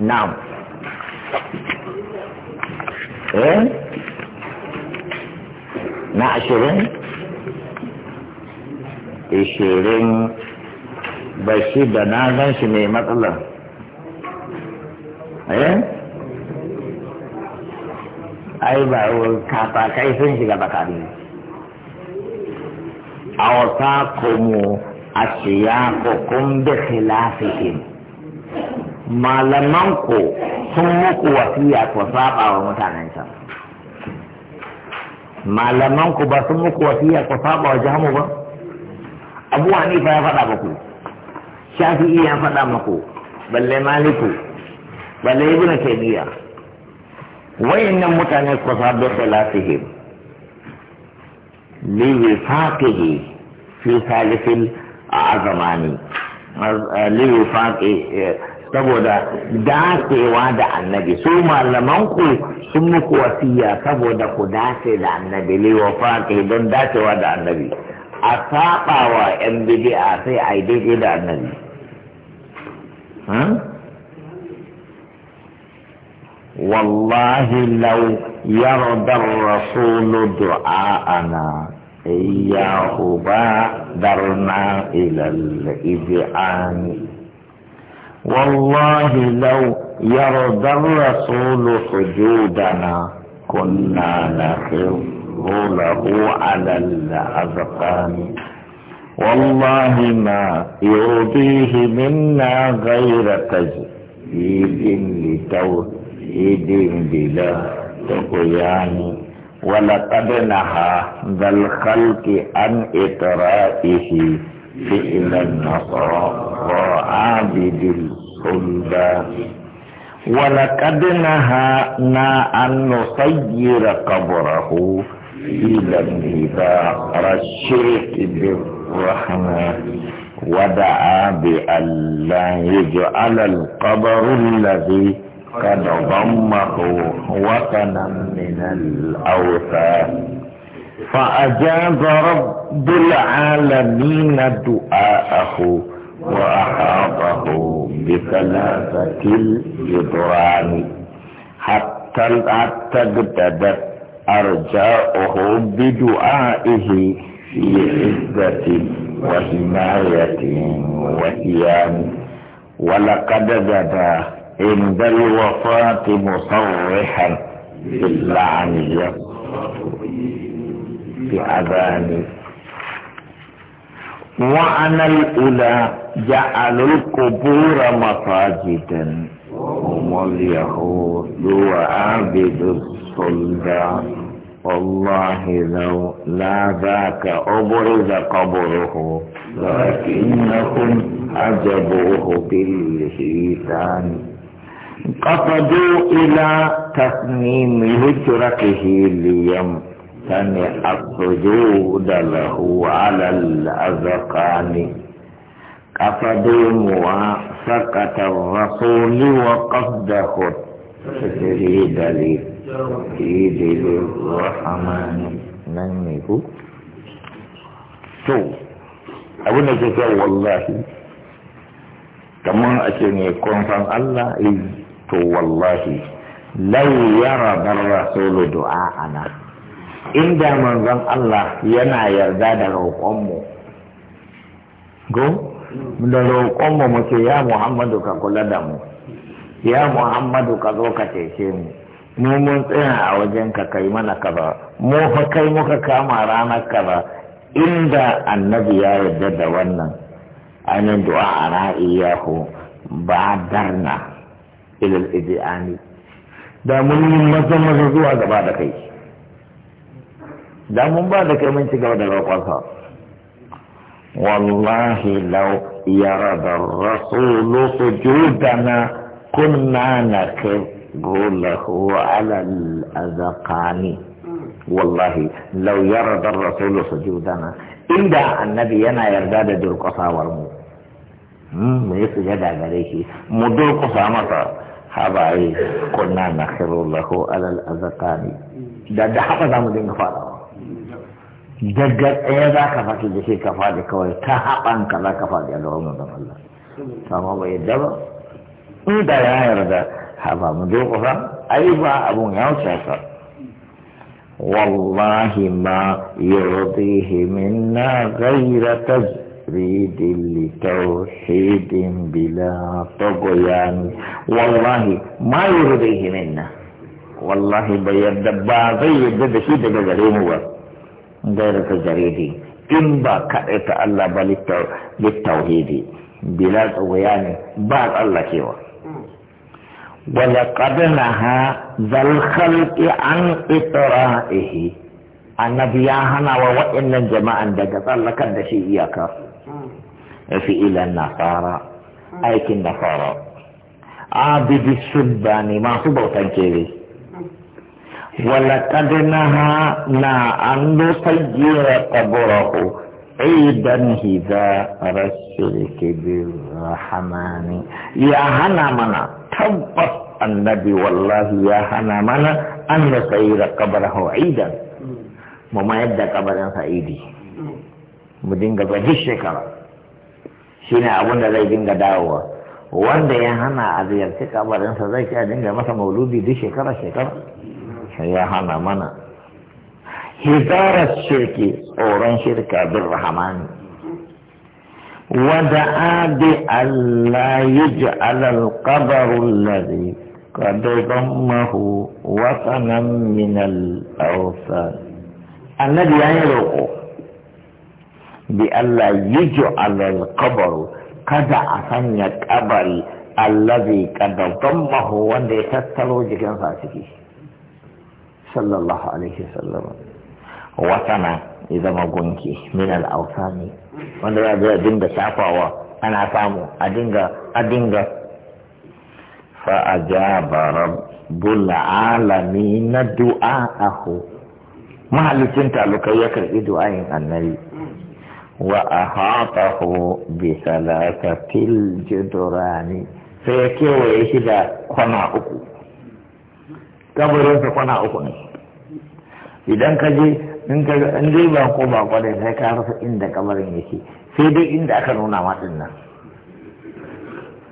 na'am eh na ashirin ishirin bashi da na gan shi mai matsala eh ai ba kafakai sun shiga bakari a wasa kuma a siya ko kun bi khilafihim malaman sun muku wasiya ko saba wa mutanen can malaman ba sun muku wasiya ko saba wa jahamu ba abu fa ya faɗa muku shafi'i ya faɗa muku balle maliku balle ibnu taymiya wayannan mutane ko saba khilafihim li wifaqihi fi salifil azamani li wifaqi saboda wa da annabi su malaman ku sun muku wasiya saboda ku dace da annabi lewa fata don wa da annabi a saba wa yan bidi'a sai a yi daidai da annabi والله لو يرضى الرسول دعاءنا إياه درنا إلى الإذعان والله لو يرضى الرسول سجودنا كنا نخر له على الأذقان والله ما يرضيه منا غير تجديد لتوحيد بلا تقيان ولقد نهى ذا الخلق عن إطرائه فعل النصارى عابد صلبا ولقد نهانا أن نصير قبره إلى انهدار الشرك بالرحمة ودعا بأن لا يجعل القبر الذي قد ضمه وطنا من الأوثان فأجاب رب العالمين دعاءه وأحاطه بثلاثة الجدران حتى حتى ابتدت أرجاؤه بدعائه في عزة وحماية وثيان ولقد بدا عند الوفاة مصرحا باللعن في أذانه وأنا الأولى جعلوا القبور مساجدا هم اليهود وعابد الصلبة والله لو لا ذاك أبرز قبره لكنهم عجبوه بالحيتان قصدوا إلى تصميم هجرته ليم سمح السجود له على الأذقان أفدوم سكت الرسول وقصده في دليل الرحمن من نعم، نعم. هو تو أبونا جزاء والله كما أشني كون فان الله إذ إيه، تو والله لو يرى الرسول دعاءنا inda manzon Allah yana yarda da roƙonmu go da roƙonmu muke ya Muhammadu ka kula da mu ya Muhammadu ka zo ka cece mu mu mun tsaya a wajen ka kai mana ba, mu fa kai muka kama ranar ba, inda annabi ya yarda da wannan ainihin du'a a ra'iyahu ba darna ilal idi'ani da mun yi maza maza zuwa gaba da kai da mun ba da kai mun ci gaba da roƙonsa wallahi law yarada rasulu sujudana kunna nakru lahu ala al-azqani wallahi law yarada rasulu sujudana inda annabi yana yarda da durƙasawar mu mu yi sujada gare shi mu durƙasa masa habaye kunna nakru lahu ala al-azqani da da haka zamu dinga fadawa gaggar ɗaya za ka faɗi da shi ka faɗi kawai ta haɓan ka za ka faɗi a gaban manzon Allah sama bai yadda ba in da ya yarda haɓa mu zo kusa ai ba abun ya wuce ka wallahi ma yurdihi minna ghayra Wallahi ma بلا طغيان والله ما يرضيه منا ba بيد با زي يد شيء دغ ba. غير تجريدي إن با كأت الله بالتوحيد بلا طغيان بعد الله كيوا ولقد نهى ذا الخلق عن إطرائه annabi ya hana wa waɗannan jama'an daga tsallakar da shi iyaka fi'ilan nasara aikin nasara abidi subbani masu bautan kere ولقد نهانا أن نصير قبره عيدا إذا الشرك بالرحمن يا هنا منا تبت النبي والله يا هنا منا أن نصير قبره عيدا وما يدى قبرا سعيدي مدينك فهش كرا شنا أبونا زي دينك دعوة wanda ya hana a ziyarci kabarinsa zai ci a dinga masa mauludi duk shekara shekara ya hana mana hizarar shirki tsoron shirka bin rahamani wada'a bi Allah yaj'al al-qadar alladhi qad dammahu wasanan min al-awsan annabi ya yi roƙo bi Allah yaj'al al-qadar kada a sanya kabari alladhi qad dammahu wanda ya tattaro jikin sa ciki sallallahu alaihi wasallam wasana ya zama gunki min al-awsani wanda za a dinga shafawa ana samu a dinga a dinga fa ajaba rabbul alamin du'aahu mahallicin talukai ya karbi du'ayin annabi wa ahatahu bi salatatil judrani sai ya kewaye shi da kwana uku sa kwana uku ne idan ka je in ka in dai ba ko ba kwarai sai ka rasa inda kabarin yake sai dai inda aka nuna ma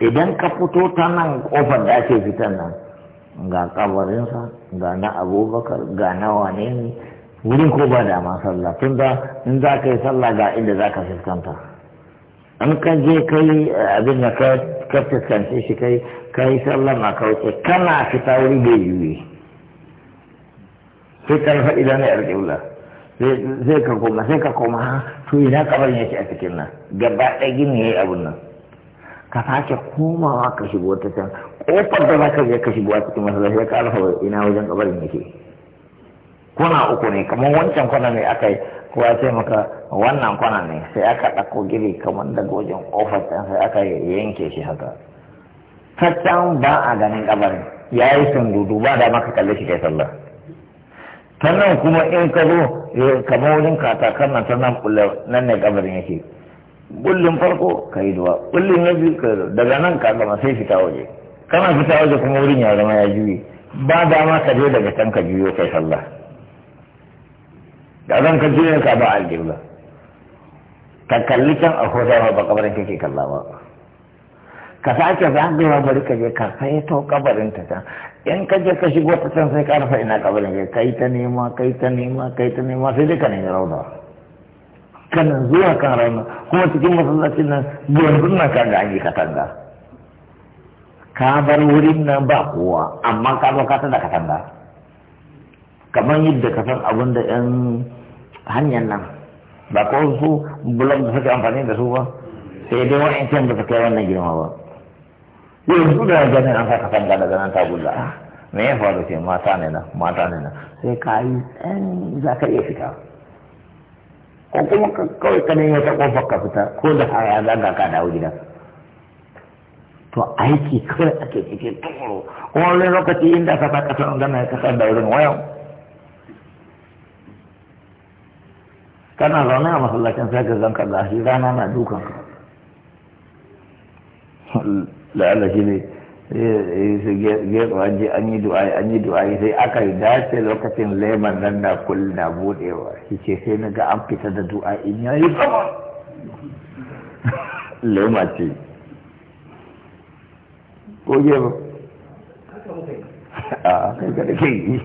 idan ka fito ta nan kofar da ake fitan nan ga sa ga na abubakar ga na wane ne wurin ko ba da sallah tun da in za ka yi sallah ga inda za ka fuskanta an ka je kai eh, abin da ka fuskanci shi kai ka yi sallah ma kauce kana fita wuri bai yiwu sai ka rufe idan ne alƙibla sai ka koma sai ka koma to ina kabar yake a cikin nan gaba ɗaya gini ya yi abun nan ka sake komawa ka shigo ta can kofar da za ka je ka shigo a cikin masallaci ka rufe ina wajen kabarin yake kuna uku ne kamar wancan kwana ne aka yi kowa sai maka wannan kwana ne sai aka ɗauko gini kamar daga wajen kofar can sai aka yanke shi haka ta can ba a ganin kabarin ya yi dudu ba da maka kalle shi kai sallah ta nan kuma in ka zo eh, kamar wurin katakan nan ta nan nan ne kabarin yake bullin farko ka yi duwa bullin na biyu ka yi daga nan ka zama sai fita waje kana fita waje kuma wurin ya zama ya juye ba dama ka je daga can ka juyo kai sallah da zan ka juyo ka ba aljibla ka kalli can a ko ma ba kabarin kake kalla ba ka sake zagawa bari ka je ka sai to kabarin ta can in ka je ka shigo ta can sai ka rufe ina kabarin ka kai ta nema kai ta nema kai ta nema sai dai ka nemi rauna kana zuwa kan rauna kuma cikin masallacin nan yanzu na ka ga ka katanga ka bar wurin nan ba kowa amma ka zo ka ta da katanga kamar yadda ka san abin da yan hanyar nan ba ko su bulon da suke amfani da su ba sai dai can ba su kai wannan girma ba yanzu da ganin an saka kan gada ganin tagulla me ya faru ce mata ne na mata ne na sai ka yi tsan za ka iya fita ko kuma kawai ka nemi ta kofa ka fita ko da haya zaga ka dawo gida to aiki kawai ake cikin tukuru kuma wani lokaci inda ka sa kasar gana ya kasar da wurin wayan kana zaune a masallacin sai ka zanka gashi rana na dukan la'alla shi ne eh, eh, gero an yi du'a an yi du'a sai aka yi dace lokacin leman nan na kul na budewa shi ce sai na ga an fita da du'a in ya yi sama lema ce ko ba a kai ga ke yi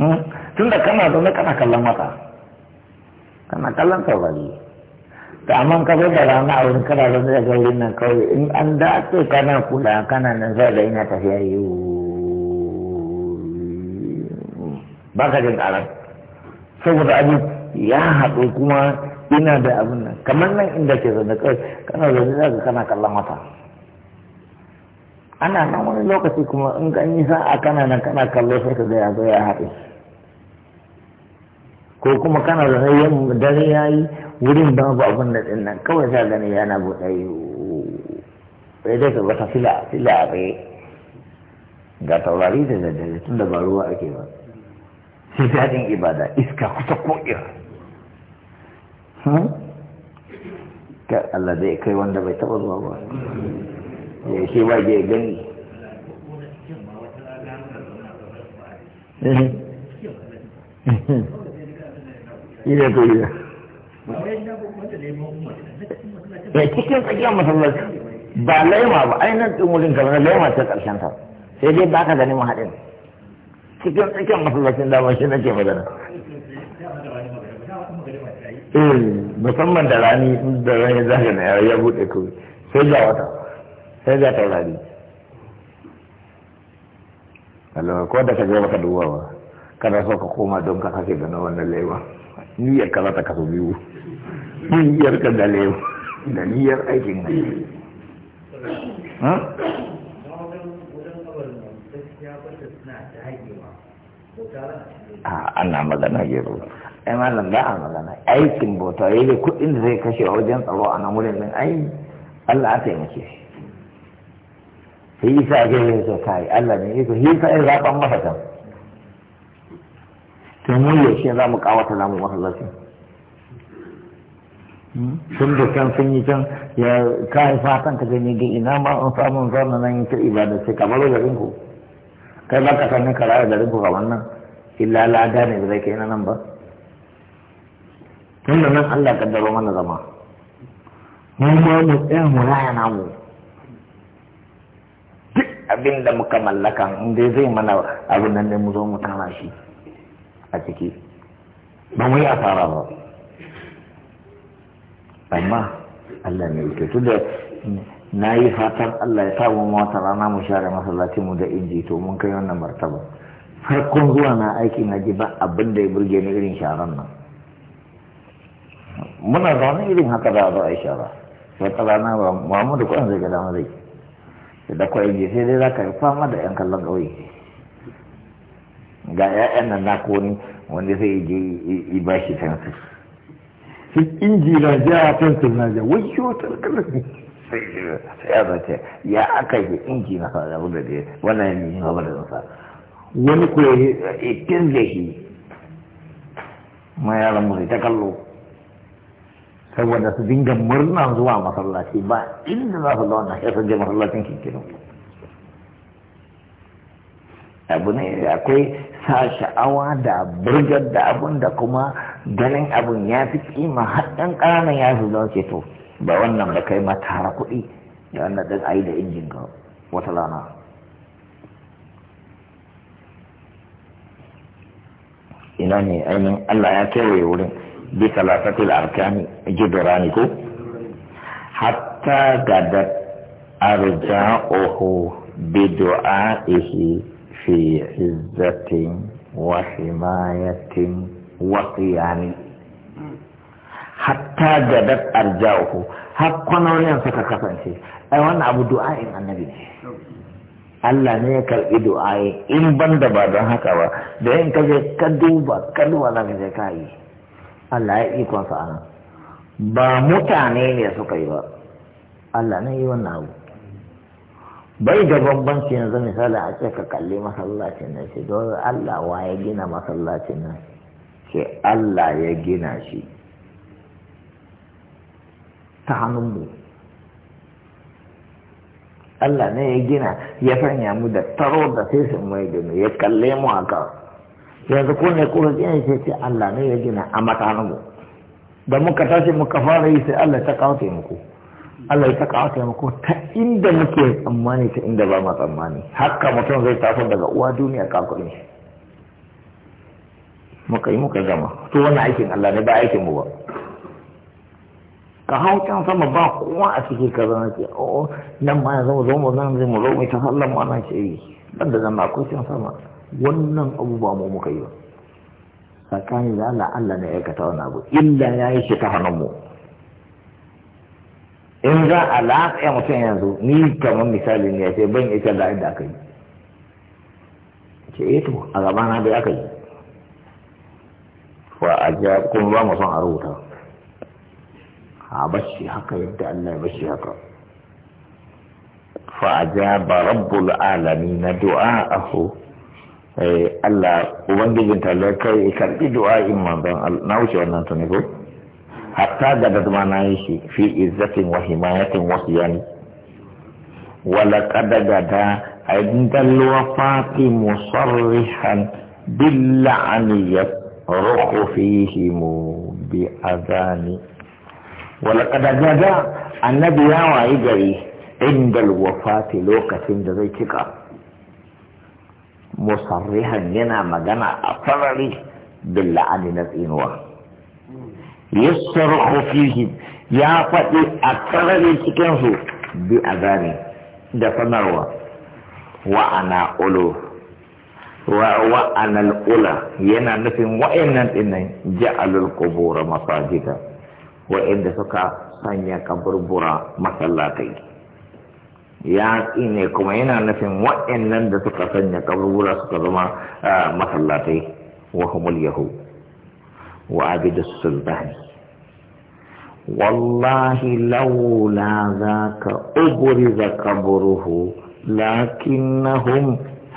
hmm? tun da kana zaune kana kallon mata kana kallon kawai to amma ka bai da rana a wurin kana zama daga wurin nan kawai in an da ce kana kula kana nan sai da ina tafiya yi. ba ka jin karar saboda abu ya haɗu kuma ina da abin nan kamar nan inda ke zaune kawai kana zaune daga kana kallon wata ana nan wani lokaci kuma in ka yi sa'a kana nan kana kallo sai ka zai ya haɗu ko kuma kana zaune yin dare ya yi wurin babu abun da din nan kawai za gani yana buɗe Wai dai ka wata fila fila a bai ga taurari da daddare tun da ba ruwa ake ba sai daɗin ibada iska kusa ira hmm? ka Allah zai kai wanda bai taɓa zuwa ba ya shi ba je gani Ile ko ile. da cikin tsakiyar masallaci ba laima ba ainihin tsumurin kamar laima ta ƙarshen ta sai dai ba ka gani mahaɗin cikin tsakiyar masallacin dama shi nake magana eh, musamman da rani da rani za ka na ya buɗe kawai sai ga wata sai ga taurari Allah ko da ka je baka duba ba kada so ka koma don ka kake gano wannan laima ni ya kaza ta kaso biyu niyyar ka da lewa da niyyar aikin a ah, ana magana gero ai malam ba a magana aikin bauta ya eh, da kuɗin da zai kashe wajen tsaro a nan wurin nan ai Allah a taimake shi sai isa ake yi ya kai Allah ne ya isa ya zaɓan mafata. can to mu yaushe za mu kawata namu masallaci sun da can sun yi can ya kai fatan ka gani ga ina ma an samu zama nan yin ibada sai ka baro garin ku kai ba ka sanin ka raya garin ku ga wannan illa lada ne da zai na nan ba tun da nan Allah ka daro mana zama mu ma mu tsaya mu raya namu abin da muka mallaka in dai zai mana abin nan ne mu zo mu tara shi a ciki ba mu yi asara ba amma Allah ne yake to da na yi fatan Allah ya samu wata rana mu share masallacin mu da inji to mun kai wannan martaba farkon zuwa na aiki na ji ba abin da ya burge ni irin sharan nan muna zaune irin haka za a zo a yi shara wata rana ba mu da kuɗin zai ga dama zai da kwa inji sai dai za ka fama da yan kallon ƙauye ga 'ya'yan nan na wani wanda zai je i bashi sai injila ja kan sirna ja wai shi wata sai ya zace ya aka yi inji na fara da dai wannan ne ba da sa wani ko yi ikin da shi ma yaran mu ta kallo saboda su dinga murna zuwa masallaci ba inda za su zauna sai su je masallacin kikinu abu ne akwai sa sha'awa da burgar da abun da kuma ganin abun ya fi kima har ɗan ƙananan ya fi zama ceto ba wannan ba kai ma tara kuɗi da wannan ɗin ayi da injin ga wata lana ina ne ainihin Allah ya kewaye wurin bi talatatul arkani jibrani ko hatta gadat arja'uhu bi du'a'ihi في عزة وحماية himayatin حتى جدت أرجاؤه gadat arja'uhu har kwanonin شيء kasance أبو wannan abu du'a'in Allah ne ya karɓi du'a'i in ban da ba don haka ba da yin kaje ka duba ka duba za ka je ka yi Allah ya ikon sa'ana, ba mutane ne suka yi ba Allah ne yi wannan abu bai da bambanci yanzu misali a ce ka kalli masallacin nan shi don Allah wa ya gina masallacin nan ce Allah ya gina shi ta hannunmu Allah ne ya gina ya sanya mu da taro da sai sun mai gina ya kalle mu a ka. yanzu ko ne kuma gina ce ce Allah ne ya gina a mata mu da muka tashi muka fara yi sai Allah ta kawo taimako. Allah ya saka yamma kuma ta inda muke tsammani ta inda ba ma tsammani haka mutum zai taso daga uwa duniya ka kuɗi, muka yi muka gama to wannan aikin Allah ne ba aikin mu ba ka hau can sama ba kowa a cikin ka zama ce o oh, nan ma yanzu mu zo mu zama zai mu zo mu ta sallan mu nan ce yi dan da zan akwai can sama wannan abu ba mu muka yi ba tsakanin da Allah Allah ne ya aikata abu illa ya yi shi ta hannun mu in za a lafiya mutum yanzu ni kamar misali ne sai ban ita da inda aka yi ce eh to a gaba na dai aka yi wa aja kuma ba mu son a rubuta a bashi haka yadda Allah ya bashi haka fa ajaba rabbul alamin du'a'ahu eh Allah ubangijin talakai karbi du'a'in manzon Allah na wuce wannan ko. حتى جدد ما نعيش في shi fi وصيان ولقد himayatin عند الوفاة مصرحا باللعن يصرخ فيهم بأذان ولقد جدا النبي وعيدري عند الوفاة لوكة ذيتك مصرحا لنا مدنا أصرري باللعن وقت yasrahu fihim ya faɗi a tsararin cikin su bi azani da sanarwa wa ana ulu wa wa ula yana nufin wa'annan dinnan ja'alul qubur masajida wa'anda suka sanya kaburbura masallatai ya ne kuma yana nufin wa'annan da suka sanya kaburbura suka zama masallatai wa humul yahud وعبد السلطان والله لولا ذاك أبرز قبره لكنهم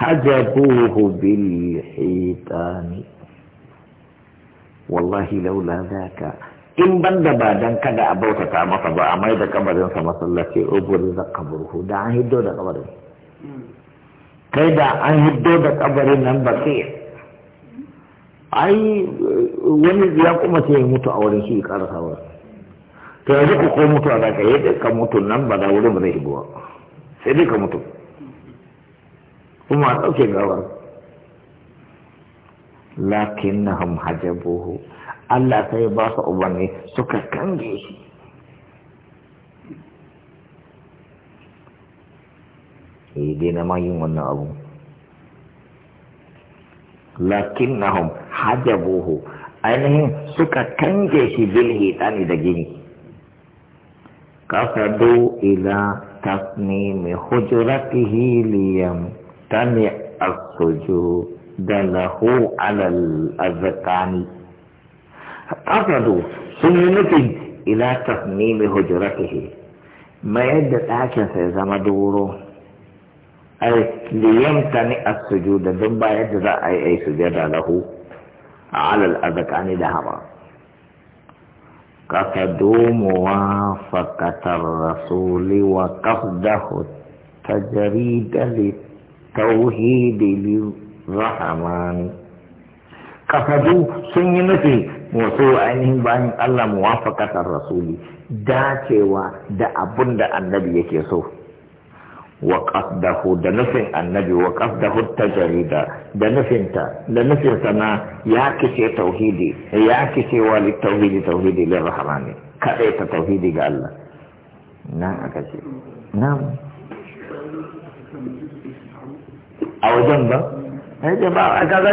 حجبوه بالحيطان والله لولا ذاك in ban da ba dan kada a bautata masa ba a mai da kabarinsa masallaci ubur da kaburhu da an hiddo da kabarin kai da an hiddo da kabarin nan ba sai ai wani ya kuma sai ya mutu a wurin shi karasa wa to yanzu ku ko mutu a zaka yi ka mutu nan ba da wurin zai hibuwa sai dai ka mutu kuma a ɗauke gawar lakin na ham hajabuhu Allah sai ba su ubanni suka kange shi eh dai na yin wannan abu Lakin haja hajabuhu ainihin suka kange shi bil hitani da gini kasadu ila tasni tasnimi hujratihi liyam tani as-sujud dalahu alal al-azqani kasadu sun yi nufin ila tasni tasnimi hujratihi mayar da ɗakinsa ya zama doro ai a as da don ba yadda za a yi ai sujada lahu ala al-azqani da haba kaka domo wa fakatar rasuli wa qafdahu tajrida li tauhidi li rahman kafadu sun yi nufi wato ainihin bayan Allah muwafaqatar rasuli dacewa da abun da annabi yake so wa qasdahu da nufin annabi wa ta jarida da nufinta da nufin sana ya kice tauhidi ya kice wali tauhidi tauhidi lir rahmani kada ta tauhidi ga Allah nan aka ce nan a wajen ba ai eh, ba a